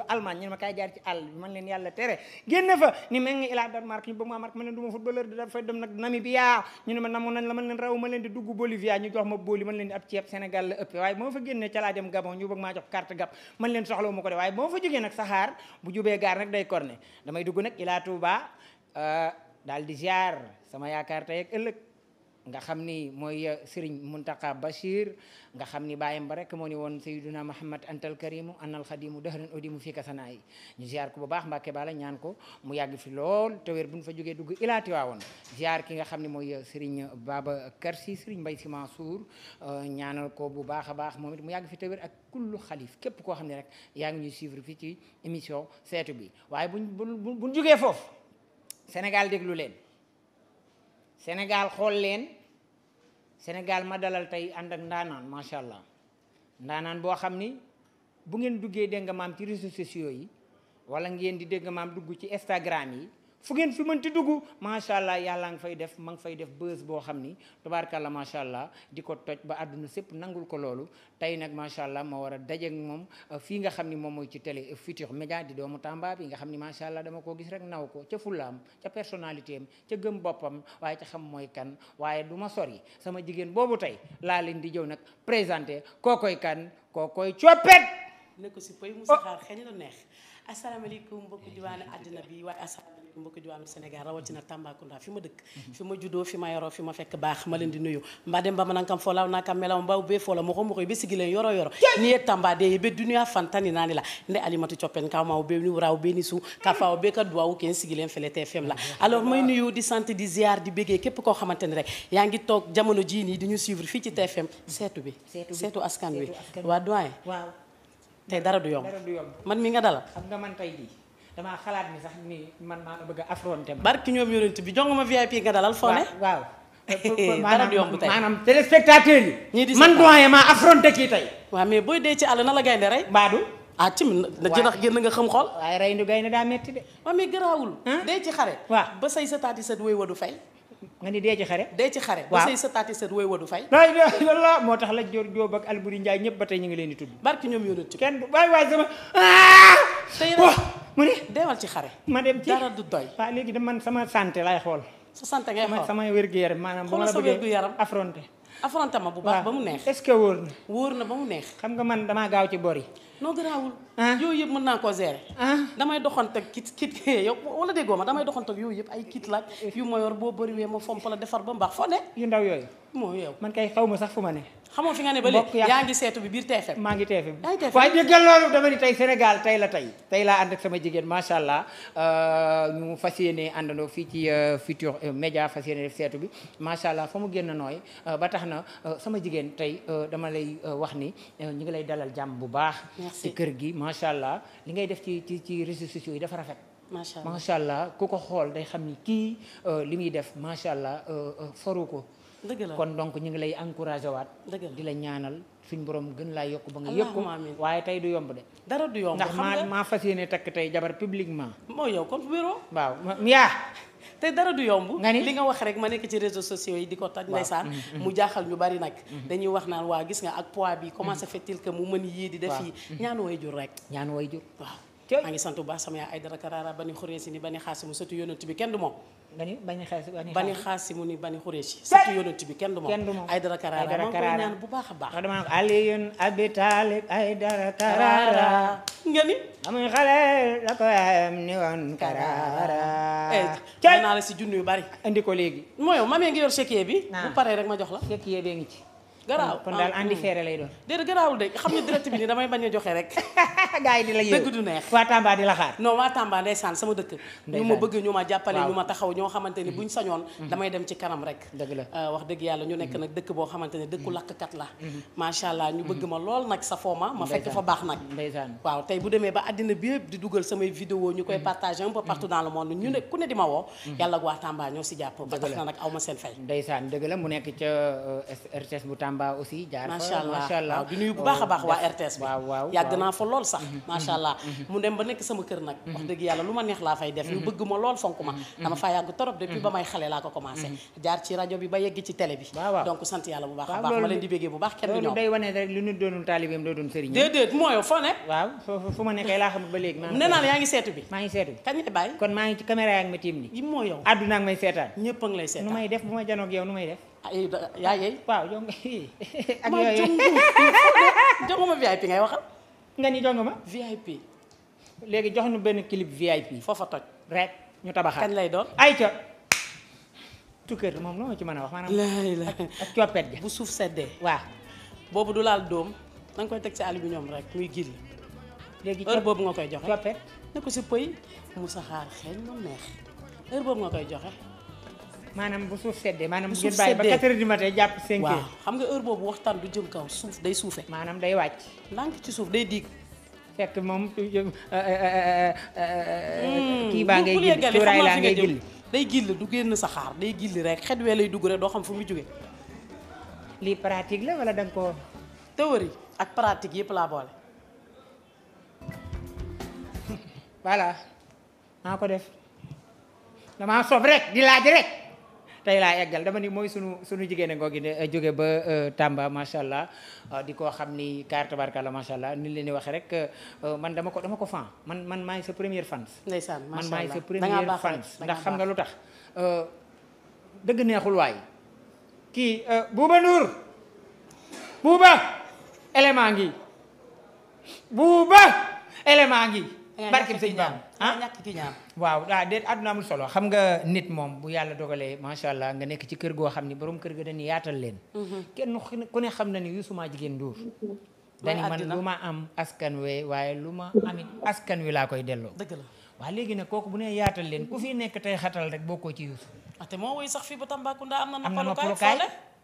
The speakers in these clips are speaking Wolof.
dugg Allemagne ñu ne ma kaay jaar ci àll man leen yàlla tere génn fa ni ma ngi ilaa Danemark ñu bëgg maa mark la man leen raw ma leen di dugg Bolivia ñu jox ma Boli man leen di ab ceeb Sénégal la ëppee waaye moo fa génnee ca dem Gabon ñu bëgg maa jox carte gab man leen soxlawu ma ko de waaye boo fa jógee nag saxaar bu jubee gaar nag day korne damay dugg nag ilaa Touba euh, daal di ziar sama yaakaar tey ëllëg nga xam ni mooy eh, Serigne Mountakha Bachir nga xam ni bàyyam ba rek moo ni woon Sayyiduna Muhammad antal karimu annal xadimu dahran odimu fii kasana yi ñu ziar ko bu baax Mbàkke Bala ñaan ko mu yàgg fi lool te weer bu ñu fa jógee dugg waa woon ziar ki nga xam ne mooy eh, Serigne Babacar Sy Serigne Mbaye Sy Mansour eh, ñaanal ko bu baax a baax moom it mu yàgg fi te weer ak kullu xalif képp koo xam ne rek yaa ñuy suivre fii ci émission seetu bi waaye buñ buñ buñ jógee foofu Sénégal déglu leen Sénégal ma dalal tey ànd ak ndaanaan macha allah ndaanaan boo xam ni bu ngeen duggee dégg maam ci réseaux sociaux yi wala ngeen di dégg maam dugg ci Instagram yi fu ngeen fi mënti dugg macha allah yàlla nga fay def ma ngi fay def bës boo xam ni tubaarkàlla macha allah di ko toj ba àdduna sépp nangul ko loolu tey nag macha allah ma war a dajeeg moom euh, fii nga xam ni moom mooy ci télé Futurs média di doomu Tamba bi nga xam ni macha allah dama koo gis rek naw ko ca fullaam ca personnalité am ca gëm boppam waaye ca xam mooy kan waaye du ma sori sama jigéen boobu tey laa leen di jëw nag présenté koo koy kookoy coppet. ko asalaamaaleykum mbokku diwaanu àddina bi waaye asalaamaaleykum mbokku diwaanu Sénégal rawatina Tambacounda fi ma dëkk fi ma juddoo fi ma yoroo fi ma fekk baax ma leen di nuyu mba dem ba manankam nan nakam melaw mbaw be fola moko moko be sigi len yoro yoro ni tamba de be dunia fantani nani la nde alimatu coppen ka ma be ni raw be su ka faaw be ka duwaw ken sigi fele TFM la alors may nuyu di sant di ziar di bégee képp koo xamante ni rek yaa ngi toog jamono jii nii di ñu suivre fii ci TFM seetu bi seetu askan wi tey dara du yomb dara du yomb man mi nga dalal. xam nga man tey jii damaa xalaat ni sax ni man maa bëgg a affronté ma. barki ñoom yonent bi jongoma VIP nga dalal. foo waaw dara du yomb tey maanaam téléspectateur yi. ñii di man doyen maa affronté kii tey. waaw mais booy dee ci àll na la gaynde rey. baadu. ah ci na jënax génn nga xam xool. waaye reyndu gaynde daa metti de. waaw mais garaawul. dee ci xare. waa ba say sa taati sa wéy wa du fay. nga ni dee ci xare dee ci xare ba sa sëtaati sët wooy wadu fay la ilaha illallah moo tax la joor joob ak Alburi Njaay ñëpp ba tey ñu ngi leen di tudd barki ñoom yonent ci kenn waay waay sama tey mu ne ci xare ma dem ci dara du doy waaw léegi da man sama santé lay xool sa santé ngay xool sama wér-gu-yaram maanaam bu ma la bëggee affronté affronté ma bu baax ba mu neex est-ce que na wóor na ba mu neex xam nga man damaa gaaw ci bor yi non garaawul. Ah. yooyu yëpp mën naa koo gérer. Ah. damay doxanteeg kit kit yow wala déggoo ma damay doxanteeg yooyu yëpp ay kit laaj yu ma yor boo bëriwee ma fomp la defar ba mbaax foo ne. yu ndaw yooyu. moo yow man kay xaw ma sax fu ma ne. xamoo fi nga ne ba léegi yaa ngi seetu bi biir TFM maa ngi TFM waaye déggal loolu dama ni tey Sénégal tey la tey tey laa ànd ak sama jigéen macha allah euh, ñu fas yéene àndandoo fii ci euh, Futurs euh, Médias fas yéene def seetu bi macha allah fa mu génn nooy ba tax na sama jigéen tey dama lay wax ni ñu ngi lay dalal jàmm bu baax ci kër gi macha allah li ngay def ci ci ci réseaux sociaux yi dafa rafet macha allah ku ko xool day xam ni kii euh, li muy def macha allah euh, euh, faru ko. dëgg la kon donc ñu ngi lay encouragé waat. di la ñaanal suñ borom gën laa yokk ba nga yëg ko waaye tey du yomb de. dara du yomb ndax maa maa fas yéene takk tey jabar publiquement. moo yow kon wéroo. waaw yaa. te dara du yomb. nga ni li nga wax rek ma nekk ci réseaux sociaux yi di ko tag ndeysaan mm-hmm, mm-hmm. mu jaaxal ñu bari nag. Mm-hmm. dañuy wax naan waa gis nga ak pois bi. comment se fait-il que mu mën yii di def yi ñaan way jur rek. ñaan way jur maa ngi sant bu baax sama yaay ay dara karaara bani xureesi ni bani xaasimu sëtu yonent bi kenn du moom bani bani xaasimu ni bani xureesi sëtu yonent bi kenn du moom ay dara karaara maa ngi koy ñaan bu baax a baax dama ko aliyun abi taalib ay dara karaara nga ni amuñ xale la ko yaayam ni woon karaara eh, naa la si junni yu bari indi ko léegi mooy yow mamee ngi yor chéquier bi bu paree rek ma jox la chéquier bee ngi ci garaaw kon daal andi feere ah, mm. lay doon déedéet garaawul de xam ne direct bi nii damay a joxe rek gars yi di la yëg dëgg du neex waa Tamba di la xaar non waa Tamba mm-hmm. mm-hmm. dem ci kanam rek dëgg la euh, wax dëgg yàlla ñu nekk mm-hmm. nag dëkk boo xamante ne dëkku lakkat la macha allah ñu bëgg ma lool nag sa fooma ma fekk fa baax nag waaw tey bu demee ba àddina bi yëpp di dugal samay vidéo ñu koy partager un peu partout dans le monde ñu ne ku ne di ma woo yàlla waa Tamba ñoo si jàpp ba tax na nag aw ma seen fay ndeysaan dëgg la mu nekk ca RTS euh, bu Tamba Tamba baax a baax waa oh, RTS bi yàgg naa fa lool sax mm-hmm. macha allah mm-hmm. Mm-hmm. mu dem ba nekk sama kër nag wax dëgg yàlla lu ma neex laa fay def ñu bëgg ma lool fonk ma ba may xale laa ko commencé jaar ci rajo a baax ma leen di béggee bu baax kenn ñoom ma nekkee laa xam kon maa ngi yaa ngi ma tiim ni moo yow àdduna ak may seetaan ñëpp a ngi lay seetaan nu may def bu ma janoog yow nu may def ay yaa yeey waaw jongo ak yooyu jongoma VIP ngay waxal nga ni jongoma VIP léegi jox nu benn clip VIP foofa toj rek ñu tabaxaat kañ lay doon ay ca tukkër moom loo ci mën a wax maanaam ak coppet ja bu suuf seddee waa boobu du laal doom da koy teg ci aluminium rek muy gil léegi heure boobu nga koy joxe coppet ne ko si pëy mu saxaar xeeñ mu neex heure boobu nga koy joxe maanaam bu suuf seddee maanaam ngeen bàyyi ba 4 heures du matin jàpp 5 waaw xam nga heure boobu waxtaan du jëm kaw suuf day suufe maanaam day wàcc ndànk ci suuf day diig fekk moom euh, euh, euh, hmm. kii baa ngay gill ngay gill day gill du génn sa xaar day gilli rek xet wee lay dugg rek doo xam fu mu jóge lii pratique la wala da nga ko théorie ak pratique yëpp laa boole voilà maa ko def damaa sob rek di laaj rek tey laa eggal dama ni mooy sunu sunu jigéen a ngoogi ne eh, jóge ba eh, Tamba macha allah eh, di koo xam ni kaar tabarkalla macha allah ni leen di waxee rek man dama ko dama ko fan man man maay sa première fans ndeysaan man maay sa première fans ndax xam nga lu tax dëgg neexul waay kii Bouba Ndour Bouba élément ngi Bouba élément ngi barkim sëñ ñaam waaw ah déet àdduna amul solo xam nga nit moom bu yàlla dogalee macha allah nga nekk ci kër goo xam ni borom kër ga dañuy yaatal leen. Mm-hmm. kenn ku ne xam na ni yusuma jigéen duur. Mm-hmm. dani man lu ma am askan we waaye lu ma amit askan wi laa koy delloo. dëgg la waaw léegi nag kooku bu ne yaatal leen ku fi nekk tey xatal rek bokkoo ci yuusu. ah te moo woy sax fii ba Tambacounda am na. am na noppalukaay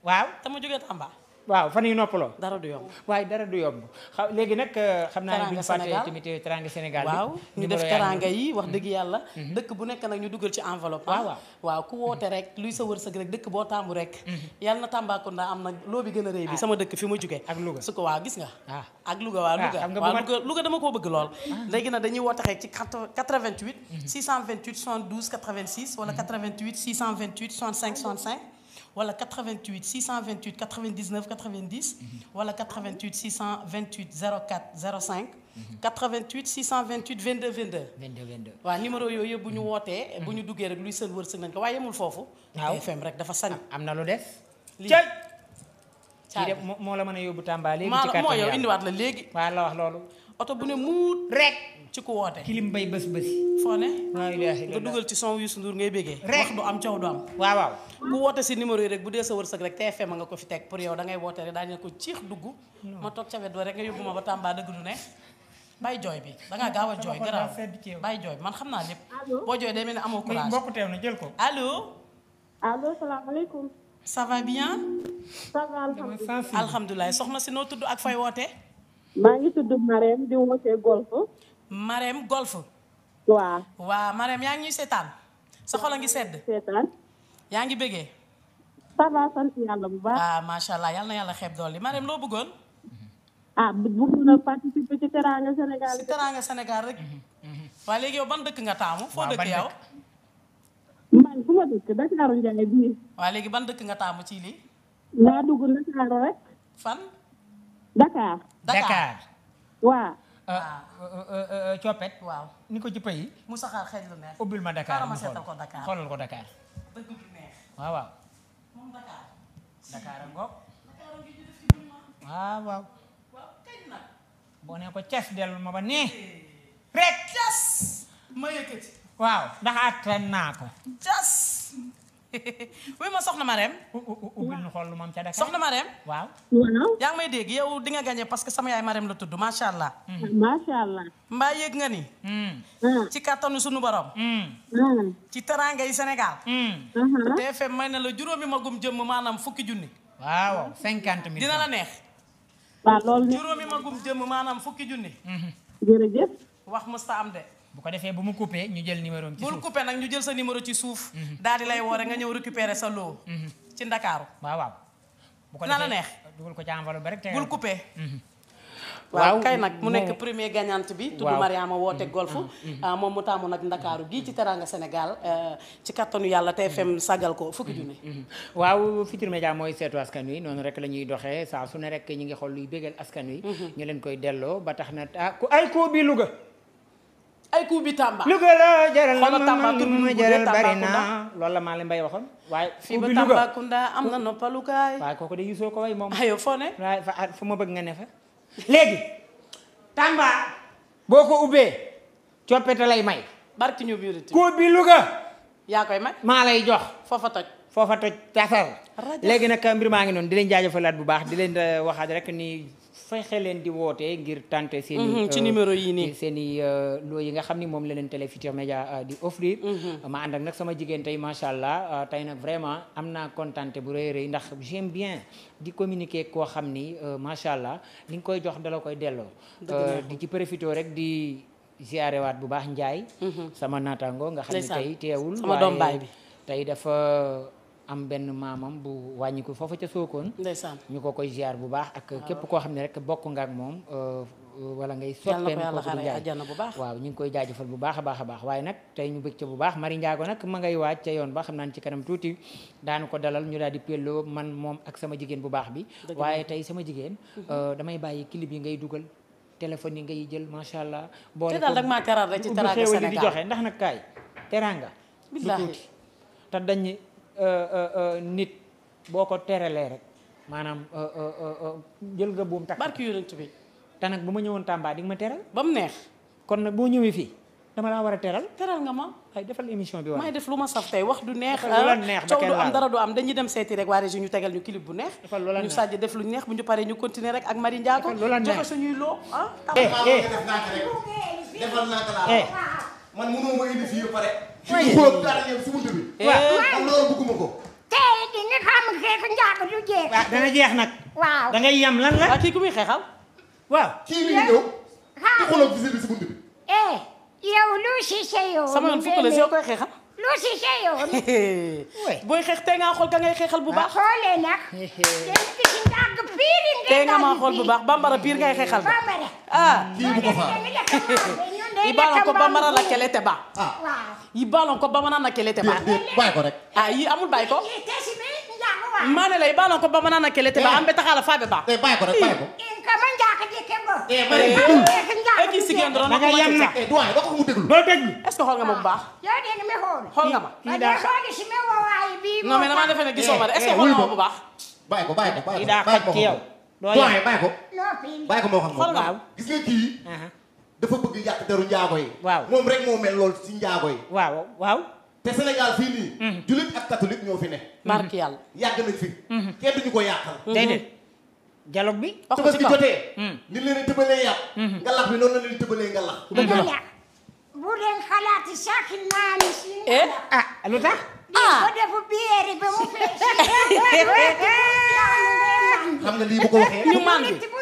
waaw te mu jógee Tamba. waaw fan yu noppaloo. dara du yomb waaye dara du yomb xa léegi nag. Euh, xam naa ne bu ñu fàtte tamit teranga Sénégal bi. waaw ñu def teranga yi wax dëgg mhm. yàlla. Mhm. dëkk bu nekk nag ñu dugal ci enveloppe. Ah. waaw waaw ku woote rek luy sa wërsëg rek dëkk boo tàmbu rek. Mhm. yàlla na Tambacounda am nag loo bi gën a rëy bi ah. sama dëkk fi ma jugee. ak Louga su ko waaw gis nga. Ah. ak Louga waaw Louga waaw Louga dama koo bëgg lool. léegi nag dañuy woote rek ci 88. 628 72 86 wala 88 628 65 65. wala 88 628 99 90. wala 88 628 04 05. 88 628 22 22. 22 22 waaw numéro yooyu yëpp bu ñu wootee. bu ñu duggee rek luy seen wërsëg nañ ko waaye yemul foofu. waaw FM rek dafa sañ. am na lu des. lii caa moo la mën a yóbbu Tamba léegi. ci kàttan moo yow indiwaat la léegi. waaw la wax loolu. oto bu ne muut rek ci ku woote. kilim bay bës bësi. foo ne. nga dugal ci son Youssou Ndour ngay bégee. rek du am coow du am. waaw waaw bu woote si numéro yi rek bu dee sa wërsëg rek TFM nga ko fi teg pour yow da ngay woote rek daañu ne ko ciix dugg. ma toog ca wet ba rek nga yóbbu ma ba Tamba dëgg du ne. bàyyi jooy bi da gaaw a jooy garaaw bàyyi jooy bi man xam naa lépp. boo jooy day mel ne amoo courage. mbokk teew na jël ko. allo. allo salaamaaleykum. ça va bien. ça va alhamdulilah soxna si noo tudd ak fay woote maa ngi tudd Marème di wootee golf. Marème golf. waaw. waaw Marème yaa ngi ñuy seetaan sa xol a ngi sedd. seetaan. yaa ngi bëggee. ça va sant yàlla bu baax. ah macha allah yàlla xeeb dool yi Marème loo bëggoon. ah bëggoon a participer ci Teranga Sénégal. ci Teranga Sénégal rek. Mhm, mhm. waaye léegi ban dëkk nga taamu. foo dëkk yow. man fu dëkk Dakar Ndiaye bii. waaye léegi ban dëkk nga taamu ci lii. dugg Ndakaaru rek. fan. Dakar. Dakar waaw. Euh, euh, euh, coppet ni ko ci pay. mu saxaar ubbil ma Dakar mu xoolal ko Dakar. waaw waaw. a ngoog. waaw waaw. boo nee ko Thiès dellu ma ba nii. Eh. rek Thiès. waaw ndax attan naa ko. wuy ma soxna Marème. ubbil ñu xool lu moom ca Dakar soxna Marème waaw. waaw. yaa ngi may dégg yow di nga gagné parce que sama yaay Marème la tudd macha allah. Mm-hmm. macha allah. mbaa yëg nga ni. Mm. Ah. ci kattanu sunu borom. Mm. Ah. ci teraanga yi Sénégal. TFM mm. uh-huh. may na la juróomi magum jëmm maanaam fukki junni. waaw cinquante mille dina la neex. juróomi magum jëmm maanaam fukki junni. Mm-hmm. jërëjëf. wax musta de. bu ko defee bu mu coupé ñu jël numéro ci suuf bul sa numéro ci suuf. Mhm. daal di lay woore nga ñëw récupérer sa loo. Mhm. ci ndakaaru waaw waaw. bu ko na la neex. dugal ko ci enveloppe rek te mhm. waaw kay nag mu nekk premier gagnante bi tudd Mariama woote golf ah, moom mu taamu nag ndakaaru gii ci teranga Sénégal euh, ci kattanu yàlla TFM sagal ko fukki junne waaw Futurs Médias mooy seetu askan wi noonu rek la ñuy saa su ne rek ñu ngi xool luy bégal askan wi ñu leen koy delloo ba tax na ah, ay coup bi Tamba. lu ko la jaral ma ma jaral bari na loolu la Maalim Mbaye waxoon. waaye fii ba Tambacounda am na noppalukaay. waaw kooku de yusoo ko way moom. aywa foo ne. waaye fa ah, fu ma bëgg nga ne fa. léegi. Tamba. boo ko ubbee. coppite lay may. barki ñu biir it. coup bi Louga. yaa koy may. maa lay jox. foofa toj. foofa toj tasar. léegi nag mbir maa ngi noonu di leen jaajëfalaat bu baax di leen eh, waxaat rek ni. fexe leen di wootee ngir tenter seen mhm, ci euh, numéro yi nii seen i euh, loo yi nga xam ni moom la leen Télé Futurs Médias euh, di offrir mhm. ma ànd ak nag sama jigéen tey macha allah tey nag vraiment am naa contenté bu rëy rëy ndax j'aime bien di communiquer koo xam ni macha allah li nga koy jox dala koy delloo di ci profité rek di ziyaare waat bu baax Njaay mhm. sama naataango nga xam ne tey teewul sama doom baay bi tey dafa am benn maamam bu wàññiku foofa ca Sokone. ndeysaan ñu ko koy ziar bu baax ak képp koo xam ne rek bokk nga ak moom. Euh, euh, wala ngay soppeem kooku di jaay bu baax waaw ñu ngi koy jaajëfal bu baax a baax baax waaye nag tey ñu bëgg ca bu baax Mari Njaago nag ma ngay waaj ca yoon ba xam naa ci kanam tuuti daanu ko dalal ñu daal di pelloo man moom ak sama jigéen bu baax bi waaye tey sama jigéen mhm. euh, damay bàyyi clip yi ngay dugal téléphone yi ngay jël macha allah boole daal rek maa teral rek di joxe ndax nag kaay teraanga lu tuuti te dañ Euh, euh, euh, nit boo ko terelee rek maanaam jël nga buum takk barki yonent bi te nag bu ma ñëwoon Tamba di nga ma teral ba mu neex kon nag boo ñëwee fii dama laa war a teral teral nga ma ay defal émission bi waaye may def lu ma saf tey wax du neex ah. coow du am dara du am dañuy dem seeti rek waa région ñu tegal ñu clip bu neex ñu sàjj def lu neex bu ñu paree ñu continuer rek ak Marie Ndiago joxe suñuy loo ah eh, eh. defal naa eh. man mënoo ma indi fii pare ci xóot daal ñëw si bunt bi. Eh. waaw ko. tey di xeex njàkk du jeex. waaw dana jeex nag. waaw da ngay yam lan la. waaw kii ku muy xeexal. waaw kii xeex ngi ñëw. Eh, booy xeex tey ngaa xool ka ngay xeexal bu ah. baax. xoolee nag. yéen bi si njàkk baax bambara piir ngay xeexal. bambara ah Ah. i b'a lɔn ko bamanan na kɛlɛ tɛ ban i b'a lɔn ko bamanan na kɛlɛ tɛ ban ayi amadu b'a ye kɔ mane la i b'a lɔn ko bamanan na kɛlɛ tɛ ban eh. an bɛ taga a la f'a bɛ ban eh, eh, e k'i sigi yan dɔrɔn ne kuma tɛ sa est ce que hɔn ka ma ba hɔn ka ma nka mɛ nama ne fana k'i sɔn ma dɛ est ce que hɔn ka ma ba i da ka kiyɛw dɔw ye ba ye ko ba ye ko mɔgɔ kan mɔgɔ kan gisi k'i dafa bëgg yàq deru njaago yi. waaw moom rek moo mel lool si njaago yi. waaw waaw. te Sénégal fii nii. Mhm. jullit ak catholique ñoo fi ne. barke mhm. yàlla yàgg nañ fi. Mhm. kenn duñu ko yàqal. déedéet dialogue bi. wax ko si kaw jotee. ni leen di tëbalee yàq. nga lax bi noonu la leen di tëbalee nga lax. dëgg eh? ah lu tax. ah di ko def mu fees. xam nga lii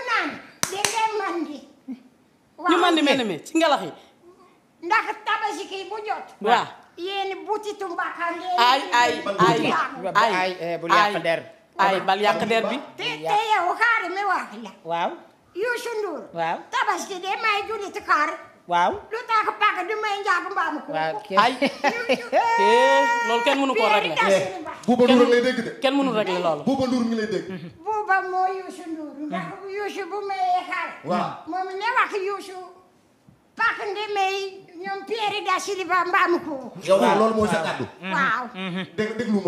ñu ma di mel ni ci ngelax yi. ndax tabaski bu jot. waaw yéen butitu mbaka ngeen. ay ay ay ay eh, bul yàq der. bi. te te yow xaar mi wax la. waaw. Youssou Ndour. waaw tabaski de may jullit xaar. waaw lu tax pàcc du may njàng mbaamu ko. waaw ay. loolu kenn mënu koo régler. kenn mënu régler loolu. Bouba Ndour buubam moo Youssou Ndour ndax mm. Youssou bu mayee xale moom ne wax Youssou pak nde may ñoom Pierre da Silva mbaamu ko yow loolu mooy sa kàddu mm-hmm. waaw mm-hmm. dégg déglu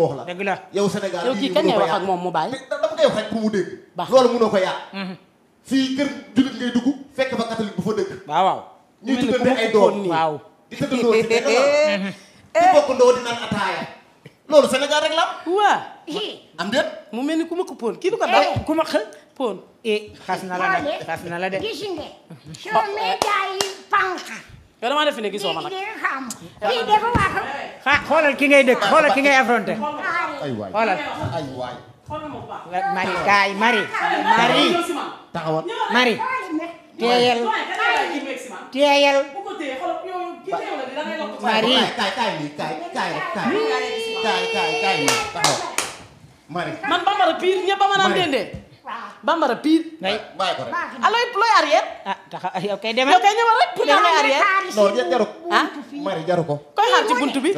moom mu bàyyi dama koy wax rek pour mu dégg loolu ko yàq mm-hmm. fii kër jullit ngay dugg fekk fa catholique bu fa dëkk waaw waaw ñuy tuddante ay doom waaw di tëddandoo ci nekk la rek la waaw am déet mu mel ni ku ma ko poon kii du ko dal ku ma xël poon eh xas na la de xas na la de gis nga soo mee jaay pànka yow damaa def ne gisoo ma nag kii dafa wax ah xoolal ki ngay dëkk xoolal ki ngay affronté ay waay xoolal ay waay mari kaay mari mari taxawal mari teeyal teeyal mari kaay kaay kaay kaay kaay kaay kaay man bambara pire ñëpp ba ma naan dendee. bambara pire. waaye waaye ko rek. allo looy arrière. ah taxaw yow kay demee yow kay ñëwal rek. arrière ko. ah mari jaru bi.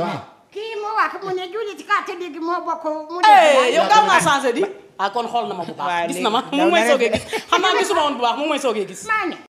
kii moo wax mu ne julli ci kàtte léegi moo bokk mu ne eh, yow a naa di. ah kon xool na ma bu baax gis na ma mu may soogee gis xam naa gisuma woon bu baax mu may soogee gis.